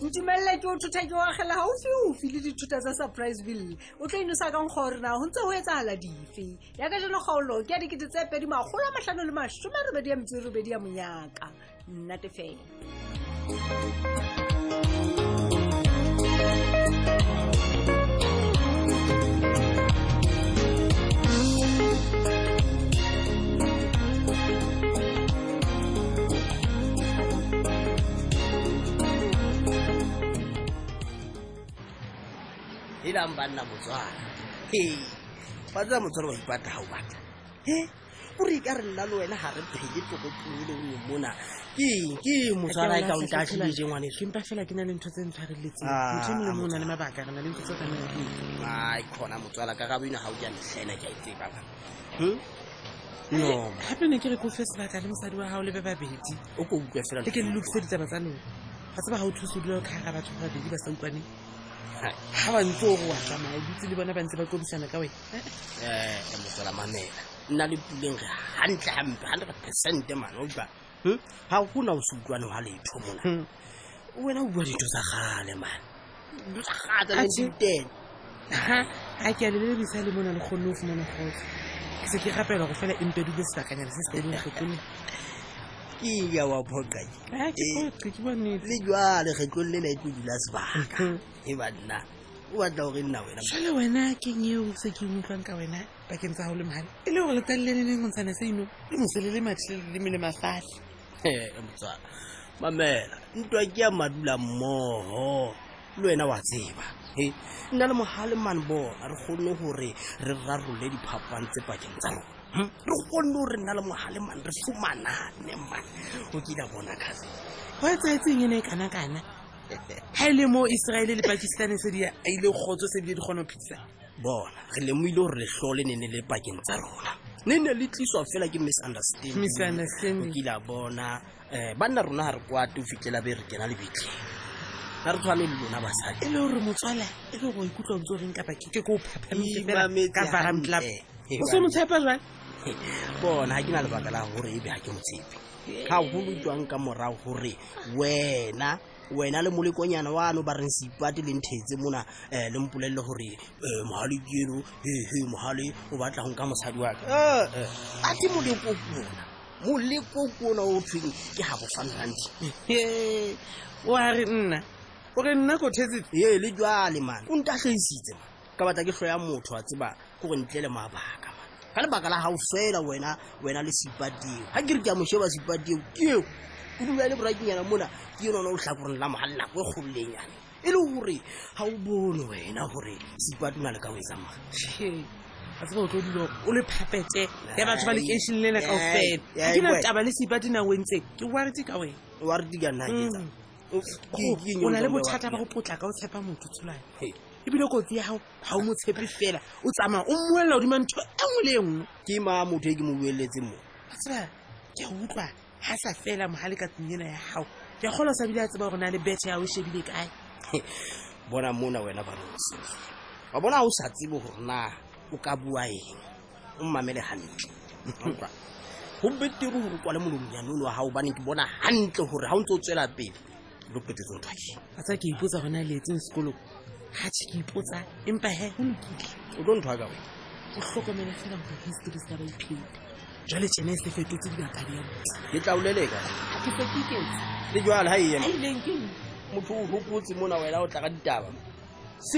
我就买了，就出差就往海拉。le dithuta tsa surprise ville o tla inosa kang gore na go ntse go etsagala dife yaka jalo kgaolo ke a dikete tse pedi magolo a matlhano le masome robedi ya metsi e robedi ya monyaka nnate helang banna motswana batsa motswana wa ipata ga o bata e o re ka re nna le wena ga re phele tlokotlong ele onge mona keke motswana e kaonta sebije ngwane empa fela ke na le ntho tse ntshwareletsengmotho ah, e e mo na le mabaka re na le ntho tse ka a kgona motswala ka gabino ga o kea ntlhena ke a itseba hm? ba gape ne ke re kofe sebaka le mosadi wa gago lebe babedi o ko utlwa felae ke le lokise ditsaba tsa lona ga tseba ga o thuse o dula o kgaga batho ba babedi ba sa utlwaneng ga bantse ore wa tsamaya dutse le bona ba ntse ba kobisana ka wena eh, eh, mosala mamela nna le tuleng re gantle gampe hundred percente mane oa ga hmm? gona o seutlwane wa letho mona hmm. wena o bua dintho tsa gale mane ga ke a lelebisa le mona le kgonne o fumana kgotsa ke se ke gapelwa go fela empedile sebakanyana se se tlaeng getone Eh, ke ya wa phoqake le jwale ge tlong le la dula sebaka e banna o batla gore nna wenajale wena keng e o se ke utlwang ka wena bakeng tsa gago le mogale e le gore letsale le le leng go ntshane le mosele le matlhe le ledimo le mafatlhe motswana mamela ntwa ke ya madula mmogo le wena wa tseba he nna le mogaleman bo re kgone gore re rarole diphapang tse pakeng tsa rona hm? re kgonne gore nna le mogaleman re fumanane man o kila bona kase go e tsaetseng e ne e kanakana ga e le mo iseraele le pakistane se di a ile kgotso se bile di kgone go phitisa bona re lemoile gore letlhole ne ne le pakeng tsa rona ne ne le tliswa fela ke misunderstandingkila bona um banna rona ga re kwate o fitlhela be re kena lebitlheng ga re tshwane le lona basadi e le gore motswala e le go ikutlwa o ntse o reng kapa keke ko o phaphaka faramtlap o se motshepe jan bona ga ke na lebaka la gore ebe ga ke motshepe ga golojwang ka morago gore wena wena le molekonyana wano ba reng seipate le nthetse mona um le mpolelele gore um eh, mogale keno hehe mogale o batlagong ka mosadi wa ka eh, a te moleko kona moleko kona o thweng ke ga bofanrandi a re nna o re nna kothetse ee le jale man o ntatlhaisitse ka batla ke tlhoya motho wa tseba ko go ntle le mabaka ka lebaka la gao fela wena wena le sipadio ga ke re ke a mosheba sipadio keo o dula e le borakenyana mona ke e nona o tlhakoreng la mogalla ko e gololenyane e le gore ga o bone wena gore sipadi o na le ka o etsama a tseba o tlo dilo o le phapete ya batho ba lekešin le na kao fela ke na taba le sipadi nao e ntse ke warete ka wena warete ka nnaketsa o na le bothata ba go potla ka o tshepa motho tsholane ebile kotsi ya gao ga o motshepe fela o tsamaya o mmuelela godima ntho e nngwe le e nngwe ke maa motho e ke mo bueletse mo tsea ke a utlwa ga sa fela mogale ka tsing ena ya gago ke kgola sa bile a tseba gore na le bete yao e shebile kae bona mona wena banoso wa bona ga o sa tsebo gore na o ka bua eng o mmamele gantle go betere gore o kwale molomonyane o le wa gago baneng ke bona gantle gore ga o ntse o tswela pele 路被他走开。他说：“他以后要拿一点钱去学路。”他说：“以后他，以后他，以后他。”他走开。他说：“以后他，以后他，以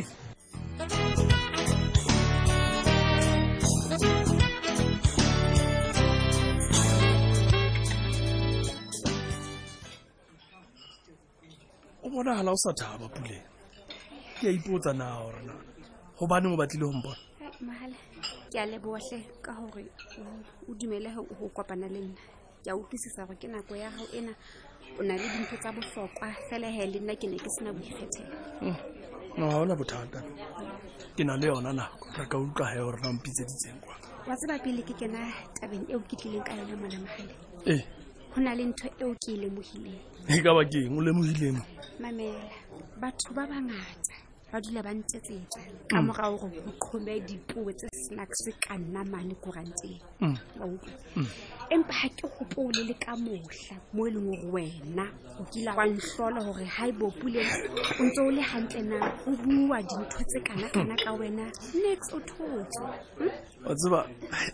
后他。” bonagala o sa thaba puleng ke a ipotsa na gore na gobaneng o batlile go mbona eh, ke a leboatlhe ka gore o dumele go kopana le nna ke a utlwisisa gore ke nako ya gago ena o na le dintho tsa botlhokwa felege le nna ke ne ke sena boikgethelo hmm. no ga ona bothata ke na le yona nako ka ka utlwa ge gore mpitse mpitseditseng kwa wa tseba pele ke kena tabeng eo ke tlileng ka yona mona magale ee eh. go na le ntho eo ke e lemogileng e ka ba keng o lemogilemo mamela batho ba bangata ba dula ba ntsetsetsa ka mm. morago gore go qhome dipuo tse snacks ka nna mane koranteng mm. mm. empa ga ke gopole le ka motlha mo e leng gore wena o kila wa ntlhola gore ga e bopule o ntse o le gantle na o bua dintho tse kana kana ka wena next o thotse hmm? wa tseba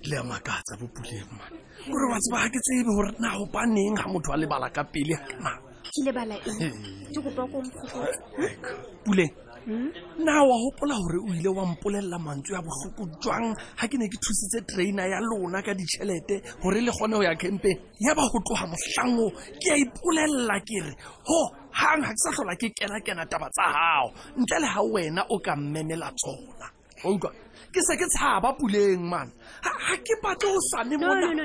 le ya makatsa bo puleng ma gore wa tseba ga ke tsebe gore na go paneng ga motho a lebala ka pele puleng na wa gopola gore o ile wa mpolelela mantswe ya bohloko jwang ga ke ne ke thusitse trainer ya lona ka ditšhelete gore le kgone go ya campeng ya ba go tloga motlhango ke a ipolelela ke re ho gang ga ke sa tlhola ke kena-kena taba tsa gago ntle le ga wena o ka mmemela tsona outlwa oh, ke se ke tshaba puleng man ga ke batle o sane monaeamela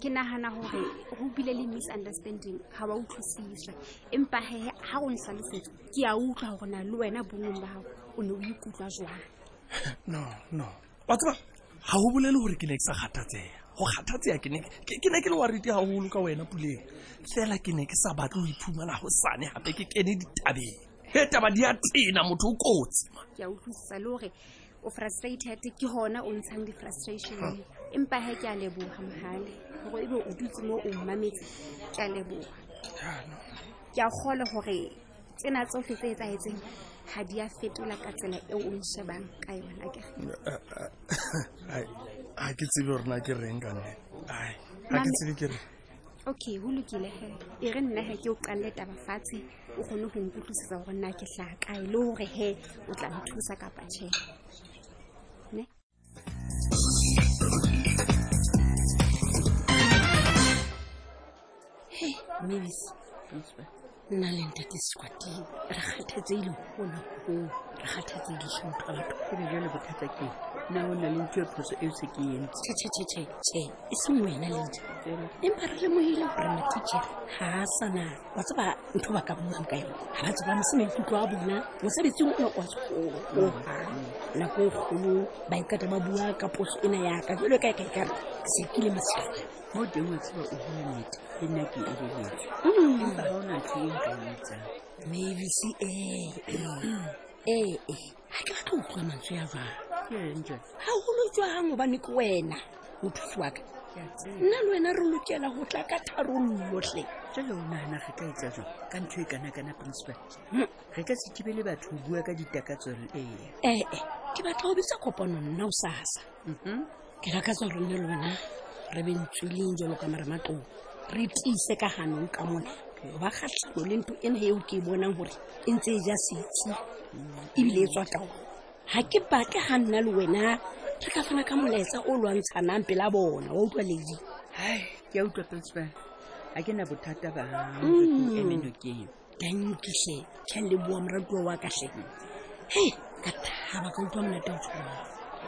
ke nagana gore go bile le misunderstanding ga wa utlwisiswa empa hehe ga go ntlhalosetso ke a utlwa go na le wena bongwe bao o ne o ikutlwa jwang no no batseba ga o bolele gore ke ne ke sa gathatsega go kgathatseya ke ne ke le warite gagolo ka wena puleng fela ke ne ke sa batle go iphumela go sane gape ke kene ditabeng e taba di a tena motho o kotsi o frustrated ke gona o ntshang di-frustration empa ga ke a leboga mogale gore ebe o dutse mo o mmametse ke a leboga ke a gole gore tsena tsofe tse e tsaetseng kadiya fetola katena eungshaban kaiwa la ke ai eh, eh, eh, ke tsibe rena ke renka ne ai ka tsibe ke re okay hulukile he e renne he ke o paleta ba fatsi o kgonong impfutse sa go nna ke tla ka iloge he o tla ntusa ka patse ne hey monelis go tswe nna leng tatise squateng re kgathatseile gona goo gathetse dishoto a batho gore jalo bothata ke nna e o na le ntse phoso e se ke ene chechechee e seng wena lee empa re lemogile gore matichere ga a sana wa tseba ntho ba ka bonang ka yone ga ba tseba mosemaikutlo a bona mosadetsing one kwa segolo oa nako e kgolo baikata e ba bua ka poso e na yaka jalo ka eka ekare ke sekile mosea mo teng wa tseba o bua nete e nna ke eleletso mm. empa ga o na ntho e nka e etsang mabc e ee eh, ga ke batla utlwa mantswe ya jang ga golo jwang gobane ke wena mothusi wa ka nna le wena re lokela go tla ka tharololotlhe jalo o naana ge ka etsa jang ka ntho e kanakana principal ge hmm. ka setibele batho bua ka ditakatsole ee ee eh, eh, ke batla go bitsa kopano nna o sasa mhm. ke rakatsa gore nna le wena re bentswileng jalo ka maramatlong re tiise ka ganong ka mona ba gatlhano le ntho ena eo ke e bonang gore e ntse e ja setsi ebile e tswa kao ga ke batle ga nna le wena re ka fana ka molaetsa o lwantshanang pela bona wa utlwa ledi ke a utlwa pesa ga ke na bothata baemenokeng mm. e kankitlhe tlhan le boa moratuwa wa katlhe he ka thaba ka utlwa monate o tshwaa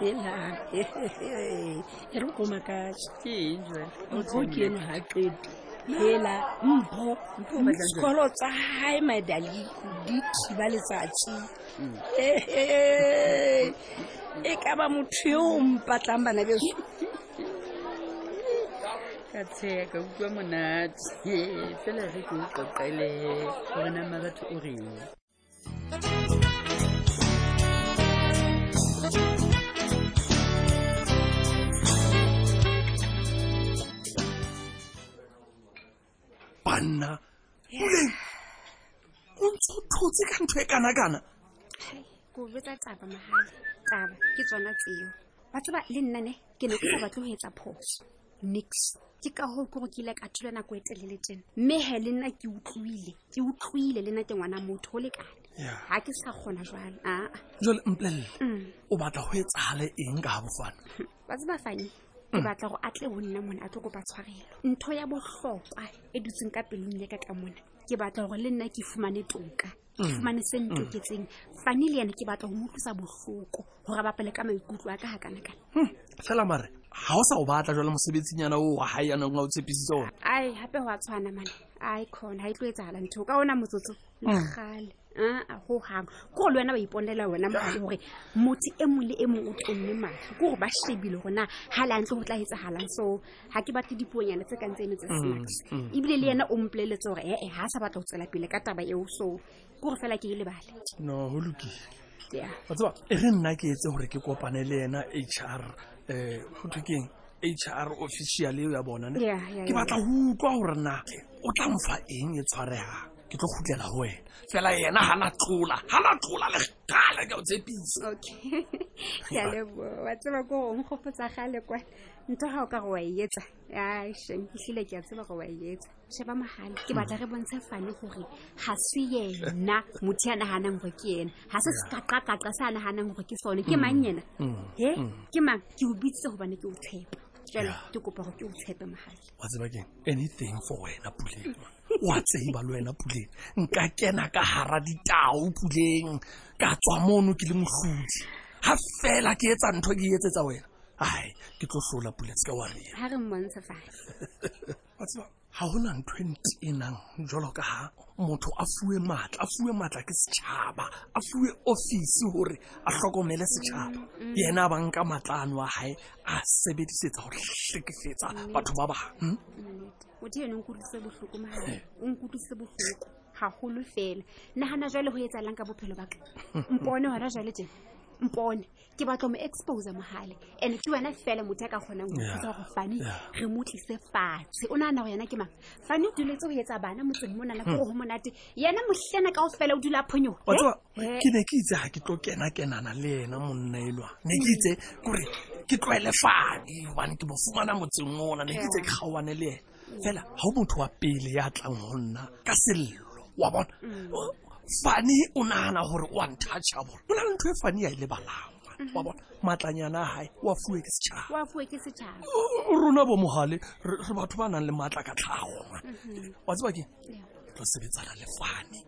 ela e re komakaa keo ke eno ga e qete fela mpho sekolo tsa hae madaliko di thiba letsatsi e ka ba motho yo o mpatlang bana beso ka tsheka utlwa monate fela re ke o qoqele gorenama batho o reng wena olen o ntse o thotse ka ntho e kanakana kobetsa taba magale taba ke tsona tseo batsoba le nnane ke ne ke go batlo go etsa phoso nix ke ka go ke go kile ka thula nako e telele tena mme he le nna ke utlwile ke utlwile le nna ke ngwana motho go lekane ga ke sa kgona jale aa ah. jale mpelele mm. o batla go e tsale eng ka ga bofane batseba fane e batla go atle go nna mone a tlo kopa tshwarelo ntho ya bohlokwa e dutseng ka peleng ya ka ka mone ke batla gore le nna ke fumane toka ke mm. fumane se mm. ntoketseng fane le yena ke batla go motlosa bohloko gore a bapele ka maikutlo a ka ga kanakana hmm, fela mare ga o sa go batla jwa le mosebetsinyana oo wa gae yanong a o tshepisitse one ai gape go a tshwana mane ai kgona ga e tlo e tsagala ntho ka ona motsotso legale mm. aa ah, go gang ko le wena ba iponela wena mogale gore motse e mongwe le e mongwe o tonne matlho ko gore ba shebile gona ga le ntle go tla etsagalang so ga ke batle dipuonyana tse ka ntse eno tse mm, snacks mm, ebile le mm. yena o mpoleletse gore ee eh, eh, ga a sa batla go tswela pele ka taba eo so ko gore fela ke e lebale no go lokile wa tseba e re nna ke etse gore ke kopane le ena h r um eh, go thokeng HR official eo ya bona ne ke batla go utlwa gore na o tla mfa eng e tshwaregang ke tlo khutlela ho wena fela yena ha na tlola ha na tlola le gale ke o tsepisa okay ya le bo wa tsama go ho mkhofotsa gale kwa ntho ha o ka go wa yetsa ya sheng ke hlile ke a tsama go wa yetsa e she ba mahala ke batla re bontse fane gore ha swi yena muthi ana hana ngwe ke yena ha se se ka ka ka sa hana ngwe ke sone ke mm. mang yena mm. he mm. ke mang ke u bitse ho bana ke o tshepa jalo ke kopa go ke o tshepe mahala wa tsama ke anything for wena puleng wa tseba le wena puleng nka kena ka hara ditao puleng ka tswa mono ke le mohlodi ha fela ke etsa ntho e ke e etsetsa wena ai ke tlo hlola pule se ka wa ha re mmontsha fa ga gona ntho e nti e nang jalo ka ga motho a fuwe maatla a fuwe maatla ke setšhaba a fuwe office gore a tlhokomele setšhaba mm. yena a banka maatla ano a gae a sebedisetsa go tlhekefetsa mm. batho ba bangwe hmm? gagolo fela nagana jale go e tsalang ka bophelo baka mpone gona jale jena mpone ke batla mo expose mogale and ke wena fela motho a ka kgonang go gore fane re mo tlise fatshe o naana go yena ke mang fane o duletse go etsa bana motseng mo nana kore go monate yena motlhena kao fela o dula a phonyoga ke ne ke itse ga ke tlo kena-kenana le ena monnaelwa ne ke itse kore ke tloele fane gobane ke mofumana fumana motseng ona ne ke itse ke gaoane le ena fela ga o motho wa pele ya tlang go nna ka sello wa bona mm fane o nagana gore o a nthacha bone o na le ntho e fane ya e lebalang wa mhm. bona matlanyana a gae oa fuwe ke setšhaba rona bo mogale re batho ba nang le maatla ka tlhago mhm. wa tseba keng re sebetsana le fane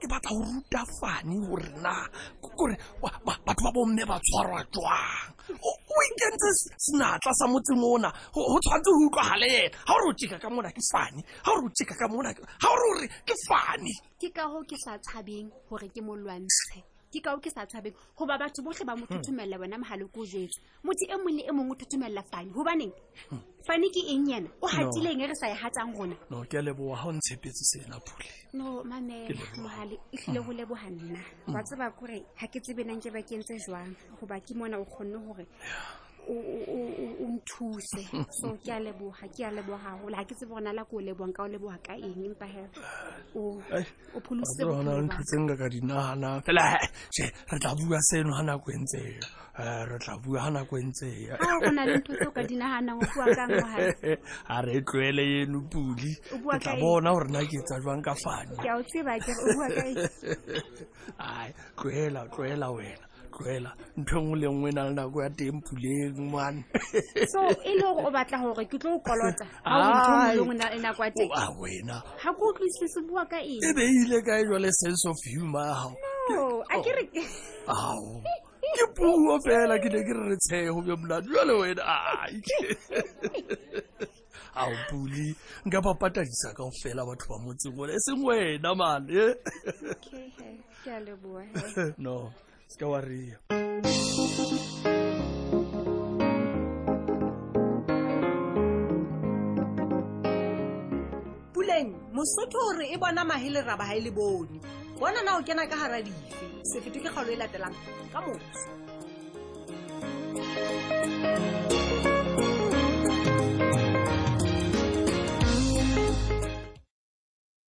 ke batla go ruta fane gore na kore batho ba bomme ba tshwarwa jwang o ikentse senatla sa motseng ona go tshwanetse go utlwagale ena ga ore o cheka ka mona ke fane ga ore o cheka ka mona ga ore ore ke fane ke ka go ke sa tshabeng gore ke molwantshe ke kao ke sa thabeng goba batho botlhe ba mo hmm. thothomelela wena mogaleko o jetso motho e mongwe le e mongwe o thothomelela fane gobaneng hmm. fane ke eng yena o gatileng e re sa e gatsang rona no ke a leboga ga o ntshepetse sena pule no mamela mogale e tlile go hmm. leboga nna wa tseba kore ga ke tsebenang ke ba kentse jwang goba ke mona o kgonne gore o nthuse so ke a leboga ke a leboga gole ga ke tse bona la ko o lebogang ka o leboga ka eng empa he o pholositsegona ntho tse nka ka dinagana fela re tla bua seno ga nako e ntse e eh, re tla bua ga nako e ntse go e na le ntho tse o ka dinaganang o bua kang ga re tloele eno pudi ke tla bona gore na ke tsa jwang ka fane ke a o tseba ke o bua ka ai tloela tloela wena tlohela ntho engwe le nngwe e na le nako ya teng puleng so e le gore o batla gore ke tlo o kolota a e e wena ga ko utlwisise bua ka eng e beile ka e jale sense of humor ya ao ke puo fela ke ne ke re re tshego bjo monate jale wena ai ao pule nka ba patadisa kao fela batho ba motseng ona e seng wena mane no ska wa ria puleng mosotho hore e bona maheleraba ha e le bone bona na o kena ka hara dife sefeto ke kgaolo e latelang ka moso